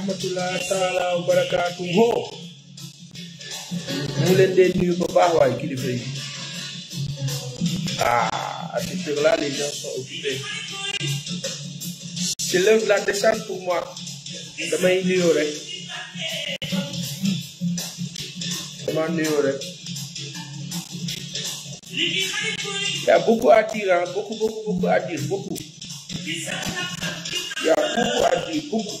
rahmatullahi taala wa mu leen dee nuyu bu baax kilifa yi ah là les gens sont occupés c'est l'heure de la décharge pour moi damay nuyoo rek dama nuyoo rek Il y a beaucoup à dire, hein? beaucoup, beaucoup, beaucoup à dire, beaucoup. Il y a beaucoup à dire, beaucoup.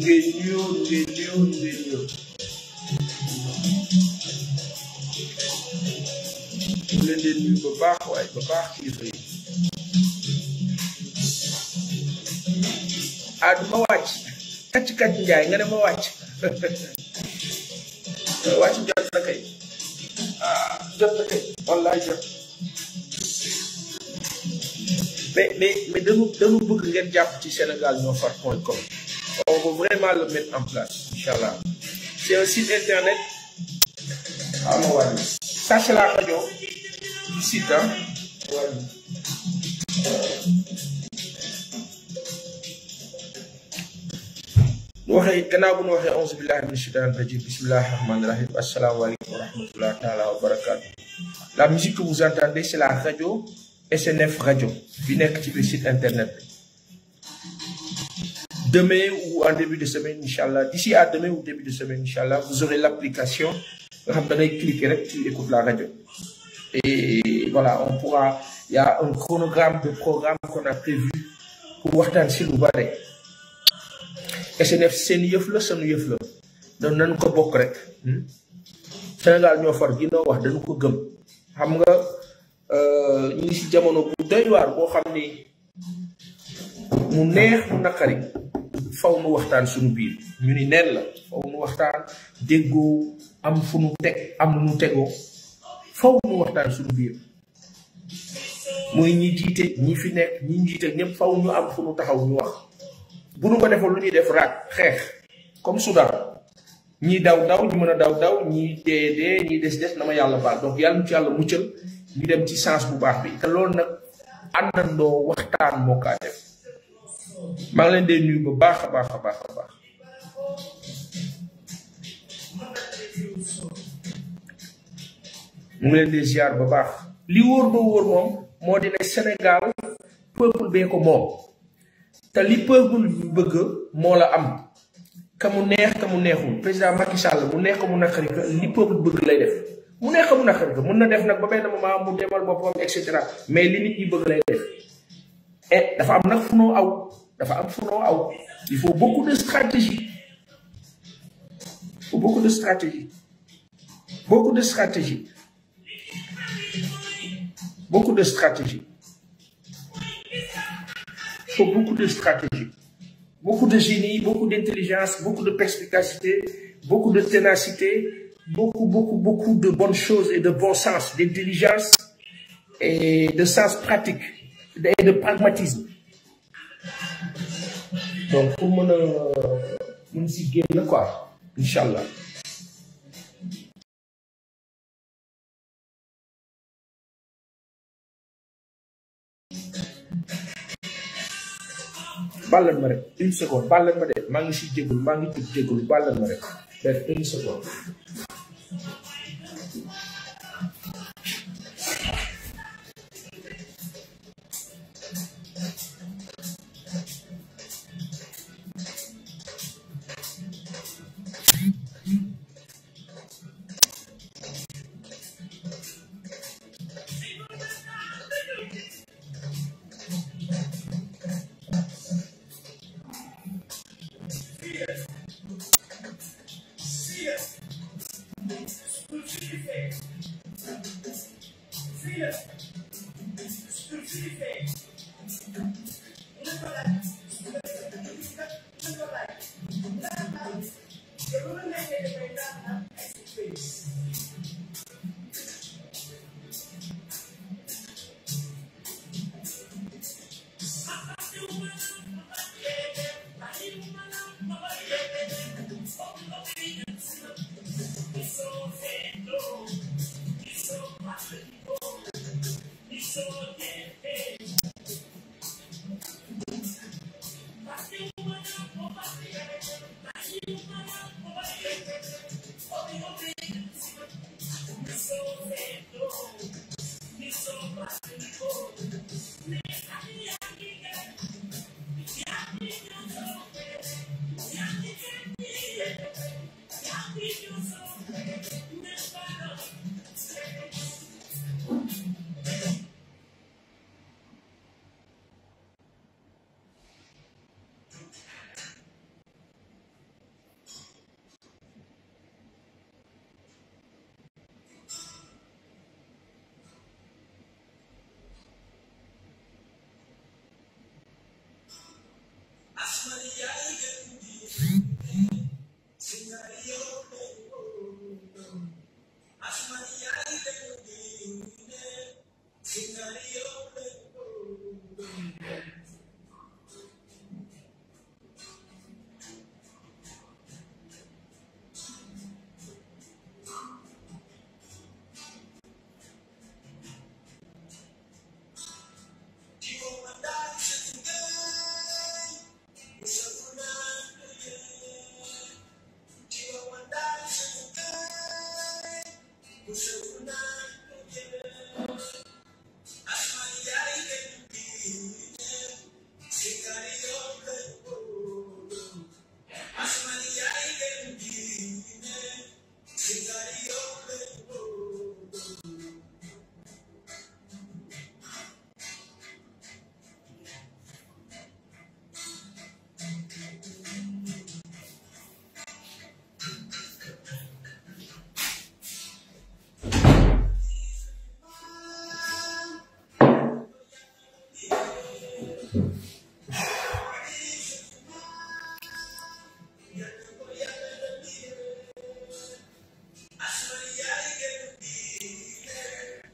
geliyor, geliyor, geliyor. bu leen di ba baax waaye ba baax kilifa yi. ah ma wàcc kàcc kàcc njaay nga ne ma wàcc wàcc jot na kay ah jot na kay wallaay jot mais mais mais dañu dañu bëgg ngeen jàpp ci Sénégal ñoo far point com On veut vraiment le mettre en place, Inch'Allah. C'est un site internet. Ça, c'est la radio du site. Hein? la musique que vous entendez c'est la radio SNF radio bi nekk ci site internet demain ou en début de semaine, Inch'Allah. D'ici à demain ou début de semaine, Inch'Allah, vous aurez l'application. cliquer et écouter la radio. Et voilà, on pourra. Il y a un chronogramme de programme qu'on a prévu pour Wartan Siloubare. SNF, c'est c'est Donc, nous avons nous avons fait nous avons fait Nous avons fait faw nu waxtaan suñu biir ñu ni neen la faw nu waxtaan déggoo am fu nu teg am nu tegoo faw nu waxtaan suñu biir mooy ñi jiite ñi fi nekk ñi jiite ñëpp faw ñu am fu nu taxaw ñu wax bu nu ko defal lu ñuy def raak xeex comme soudan ñi daw daw ñu mën a daw daw ñi dee dee ñi des des na ma yàlla donc yàlla ñu ci yàlla muccal ñu dem ci sens bu baax bi te loolu nag àndandoo waxtaan moo kaa ma ngi leen di nuyu bu baax a baax a baax a baax mu ngi leen di ziar bu baax li wóor ba wóor moom moo di ne Sénégal peuple bee ko moom te li peuple bi bëgg moo la am ka mu neex ka mu neexul président Macky Sall mu neex ko mu naqari ka li peuple bëgg lay def mu neex ko mu naqari ka mun na def nag ba benn moment mu demal boppam et cetera mais li nit ñi bëgg lay def et dafa am nag fu aw. il faut beaucoup de stratégie il faut beaucoup de stratégie beaucoup de stratégie beaucoup de stratégie il faut beaucoup de stratégie beaucoup de génie beaucoup d'intelligence beaucoup de perspicacité beaucoup de ténacité beaucoup beaucoup beaucoup de bonnes choses et de bon sens d'intelligence et de sens pratique et de pragmatisme donc pour mën a euh, mën si génn quoi incha allah. ma rek une seconde bàllal ma de maa ngi si jégalu maa ngi si jégalu bàllal ma rek une seconde.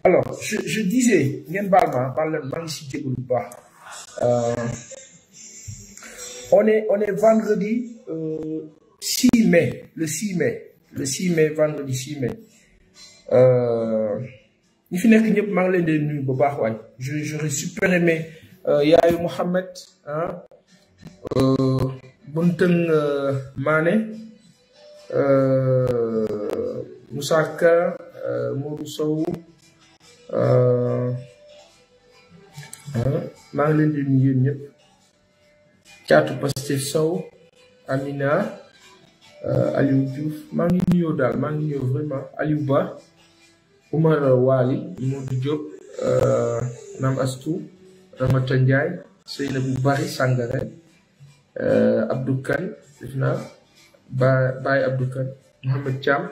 alors je je disais euh, on est on est vendredi 6 euh, mai le 6 mai le 6 mai vendredi 6 mai euh, Il fi nekk ñëpp maa ngi leen di nuyu bu baax je j'aurais super aimé Yahya Mohamed, ah hein, Mane, Mané Moussa Ka Modou Euh, maa ngi leen di nuyu yéen ñëpp caatu Pastef Sow Amina euh, Aliou Diouf maa ngi nuyoo daal maa ngi nuyoo vraiment Aliou Ba Oumar Waly Modou Diop Nam euh, Astou Ramata Ndiaye Seynabou Bari Sangare Abdou Kane def naa Baye Abdou Kane Mohamed Thiam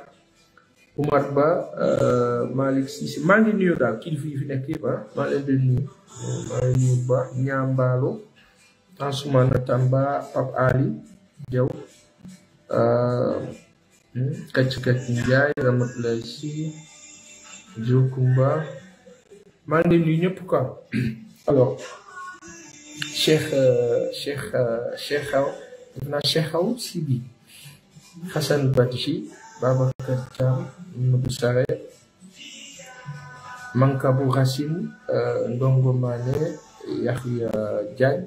Oumar Ba eh, Malik Sissi maa ngi nuyu daal kilifa yi fi nekk yëpp ah maa leen di nuyu nuyu Tamba Pap Ali Diaw Kacc eh, hmm, Kacc Ndiaye Ramatoulaye Sy Kumba maa ngi leen nuyu ñëpp quoi alors Cheikh euh, Cheikh euh, Cheikh Aw Cheikh Aw si Hassan Badji va bekerja menuju sare mankaburasin uh, eh, ndongo mane yahya jan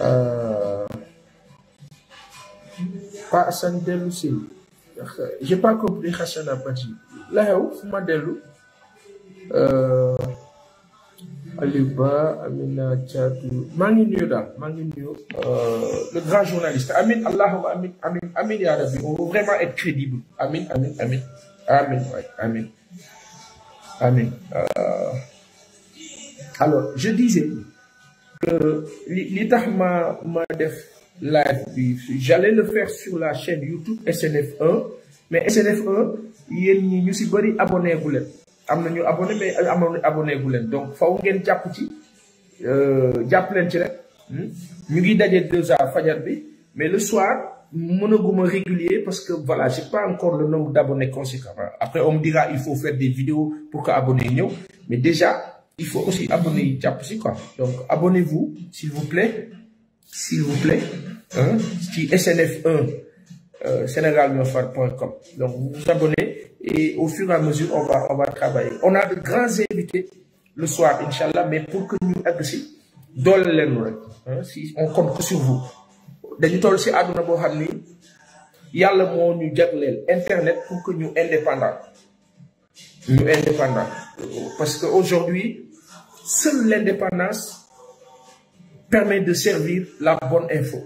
uh, eh, pa san delu si j'ai pas compris hassan abadi la hew fuma delu euh Aliou Amina Thiatou maa là, nuyu euh, le grand journaliste amin Allahou, amin amin amin yaa rabbi on veut vraiment être crédible amin amin amin amin waay amin amin euh. alors je disais que li tax ma ma def live j'allais le faire sur la chaîne YouTube SNF1 mais SNF1 yéen ñi ñu si bëri abonné bu leen amna ñu abonné mais abonné gu len donc faw ngeen japp ci euh, japp len ci rek hmm? ñu ngi fajar mais le soir mënaguma régulier parce que voilà j'ai pas encore le nombre d'abonnés conséquent après on me dira il faut faire des vidéos pour que abonnés ñeu mais déjà il faut aussi abonner japp quoi donc abonnez-vous s'il vous plaît s'il vous plaît hein SNF1 euh, Donc, vous vous abonnez et au fur et à mesure, on va, on va travailler. On a de grands invités le soir, Inch'Allah, mais pour que nous agressions, hein, si on compte sur vous. dañu toll si àdduna il y y le mot ñu internet pour que nous indépendants nous indépendants parce qu'aujourd'hui seule l'indépendance permet de servir la bonne info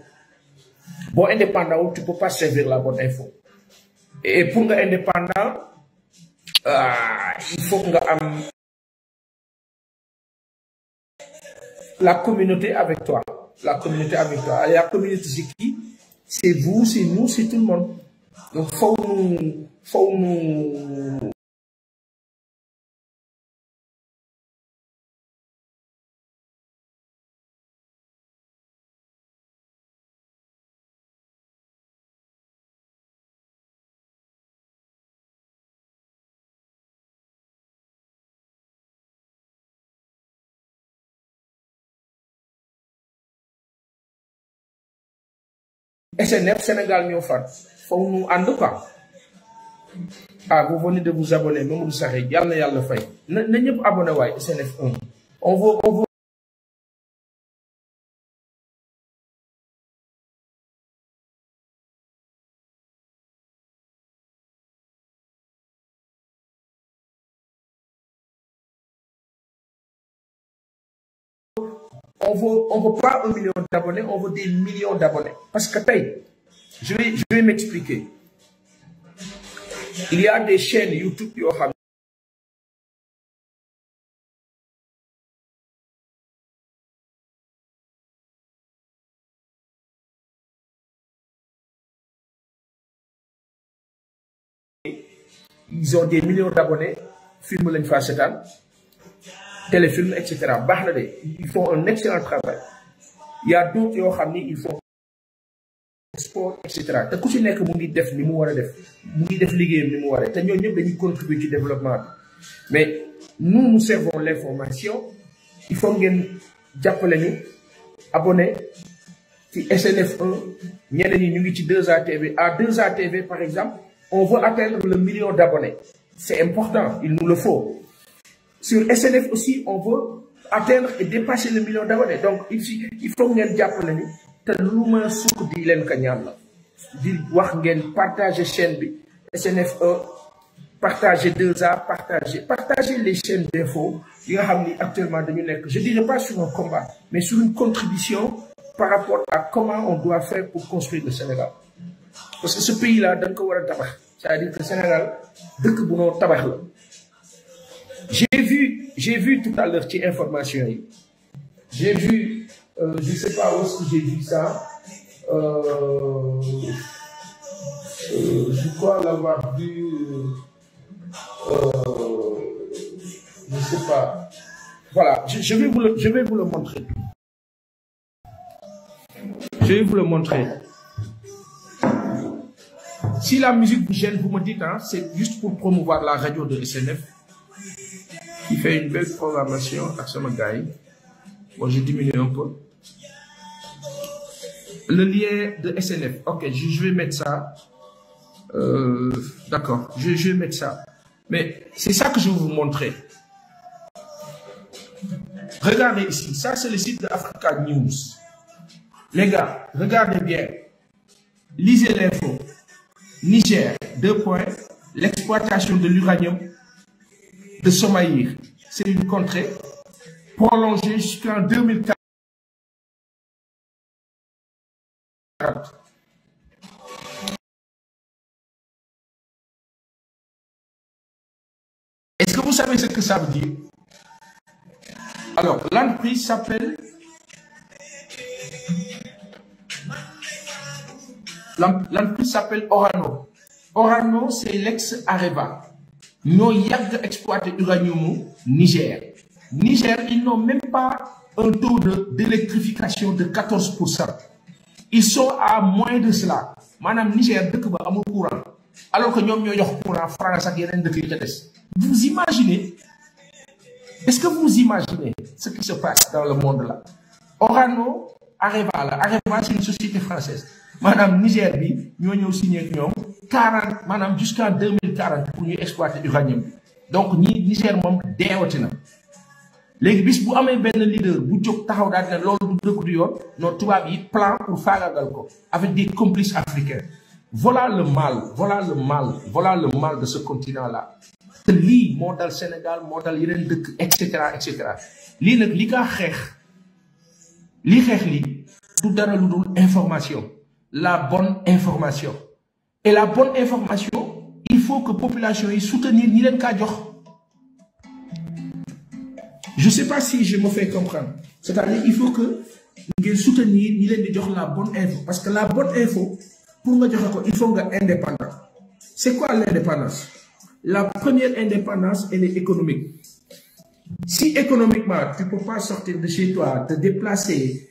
Bon, indépendant tu tu peux pas servir la bonne info et pour être indépendant euh, il faut que la communauté avec toi la communauté avec toi la communauté c'est qui c'est vous c'est nous c'est tout le monde donc faut nous nous SNF Sénégal ñoo far nous ñu ànd quoi. ah vous venez de vous abonner Mamadou Sakhé yàlla na yàlla fay na na ñëpp abonné waay SNF 1 on veut on veut on veut, veut pas un million d'abonnés, on veut des millions d'abonnés. Parce que je vais, m'expliquer. Il y a des chaînes YouTube qui ils ont des millions d'abonnés, film d'âme. Téléfilm, etc. Ils font un excellent travail. Il y a d'autres qui ont ils font sport, etc. Te ku ci nekk mu ngi def li mu war def mu ngi def contribuer développement mais nous nous servons l'information. il faut ngeen jàppale ñu abonné ci SNF1 ñeneen ñi ñu ngi 2 atv à 2 atv par exemple on veut atteindre le million d'abonnés. C'est important il nous le faut. Sur SNF aussi, on veut atteindre et dépasser le million d'abonnés. Donc, il faut que nous appelions, te l'humain sourd dit l'en cagnal. Dit, partager chaîne bi. SNFE, partager 2A, partager, partager les chaînes d'infos. Il y a actuellement Je ne dirais pas sur un combat, mais sur une contribution par rapport à comment on doit faire pour construire le Sénégal. Parce que ce pays-là, c'est-à-dire que le Sénégal, de que vous tabac j'ai vu, j'ai vu tout à l'heure qui informations j'ai vu je euh, je sais pas où j'ai vu ça euh, euh, je crois l'avoir vu je ne sais pas voilà je, vais vous le, je vais vous le montrer je vais vous le montrer si la musique vous gêne vous me dites hein, c'est juste pour promouvoir la radio de SNF il fait une belle programmation à Samagaï. Bon, je diminue un peu. Le lien de SNF. Ok, je, vais mettre ça. Euh, d'accord, je, vais mettre ça. Mais c'est ça que je vais vous montrer. Regardez ici, ça c'est le site d'Africa News. Les gars, regardez bien. Lisez l'info. Niger, deux points. L'exploitation de l'uranium de Somaïr. C'est une contrée prolongée jusqu'en 2014. Est-ce que vous savez ce que ça veut dire Alors, l'entreprise s'appelle... L'entreprise s'appelle Orano. Orano, c'est l'ex-Areva n'ont pas exploité uranium Niger Niger ils n'ont même pas un taux d'électrification de 14 ils sont à moins de cela Madame Niger dëkk ba amul courant alors que nous, avons jox courant France a gagné de yi vous imaginez est-ce que vous imaginez ce qui se passe dans le monde là Orano Arrive à c'est une société française Madame Niger nous avons signé 40, jusqu'en 2040, pour exploiter uranium donc ñii Niger moom deewati Les léegi bis bu amee leaders, leader bu jóg taxaw du plan pour la ko avec des complices africains voilà le mal voilà le mal voilà le mal de ce continent là te lii moo dal Sénégal moo dal l'Irlande, etc., etc. qui est cetera lii nag li kaa xeex li li la bonne information et la bonne information il faut que la population y soutenir Nilen leen Je jox je sais pas si je me fais comprendre c'est-à-dire il faut que nous soutenir Nilen la bonne info parce que la bonne info pour nga dire il faut nga indépendant c'est quoi l'indépendance la première indépendance elle est économique si économiquement tu ne peux pas sortir de chez toi te déplacer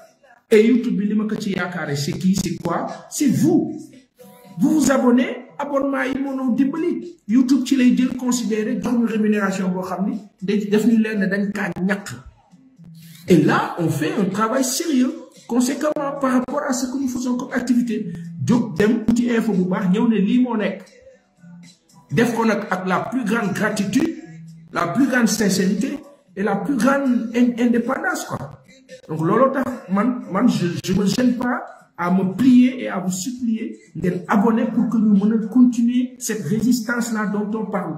Et YouTube, c'est qui, c'est quoi C'est vous. Vous vous abonnez, abonnement YouTube ci lay considéré comme une rémunération et là on fait un travail sérieux conséquemment par rapport à ce que nous faisons comme activité info la plus grande gratitude la plus grande sincérité et la plus grande indépendance, quoi. Donc, lolo man, je, ne me gêne pas à me plier et à vous supplier d'être abonné pour que nous puissions continuer cette résistance-là dont on parle.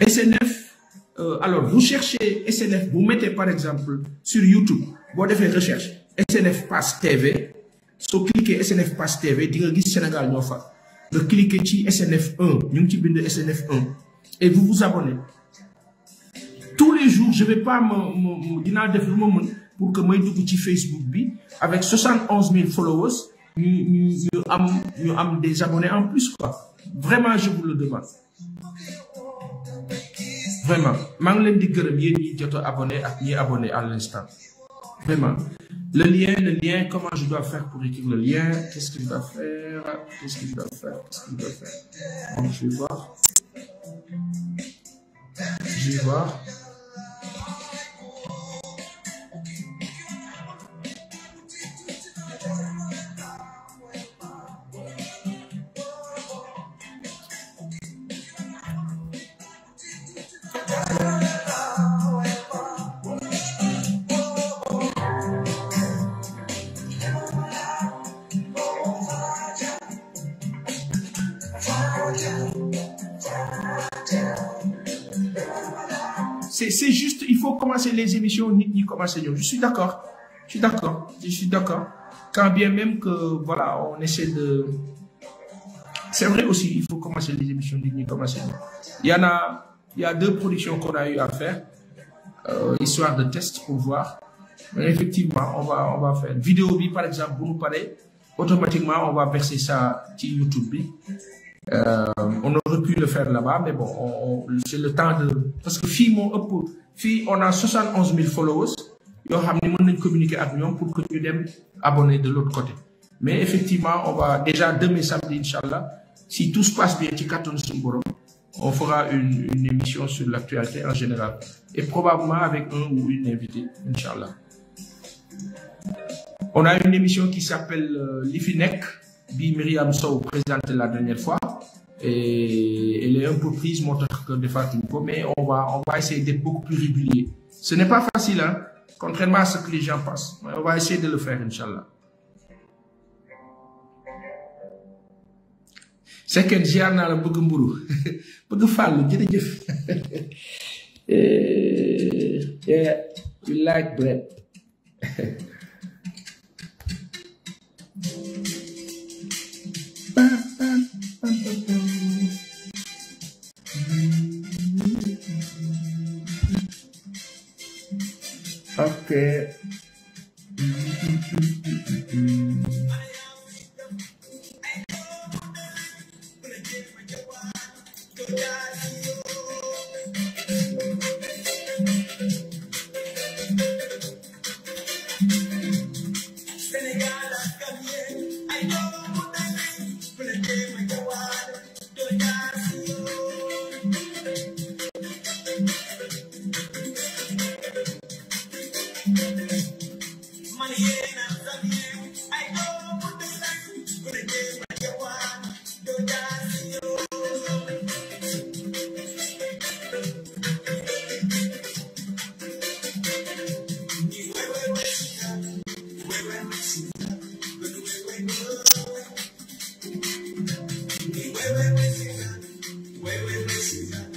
SNF, euh, alors vous cherchez SNF, vous mettez par exemple sur YouTube, vous faites recherche, SNF Pass TV, vous cliquez SNF Pass TV, vous vous cliquez sur SNF 1, SNF 1 et vous vous abonnez les jours je vais pas me dire de def pour que mon dugg ci Facebook bi avec 71 000 followers Nous avons des abonnés en plus quoi vraiment je vous le demande. vraiment maa ngi le di gërëm d'être abonné ak ñi abonné à l'instant vraiment le lien le lien comment je dois faire pour écrire le lien qu'est-ce que je dois faire qu'est-ce que je dois faire qu'est-ce faire donc je vais voir je vais voir les émissions ni comme un seigneur je suis d'accord je suis d'accord je suis d'accord quand bien même que voilà on essaie de c'est vrai aussi il faut commencer les émissions ni, comme il y en a il y a deux productions qu'on a eu à faire euh, histoire de test pour voir mais effectivement on va on va faire vidéo bi par exemple vous nous parlez automatiquement on va verser ça sur YouTube euh, on aurait pu le faire là-bas, mais bon, c'est le temps de. Parce que fille, on a 71 000 followers. Yo, nous communiquer avec nous pour que nous abonner de l'autre côté. Mais effectivement, on va déjà demain samedi, Inch'Allah, si tout se passe bien, on fera une, émission sur l'actualité en général. Et probablement avec un ou une invitée, Inch'Allah. On a une émission qui s'appelle euh, L'IFINEC, Bi Myriam Sow présente la dernière fois et elle est un peu prise, mon mais on va, on va essayer d'être beaucoup plus régulier. Ce n'est pas facile, hein, contrairement à ce que les gens pensent. on va essayer de le faire, Inch'Allah. C'est que le eh, yeah you like bread it. see you.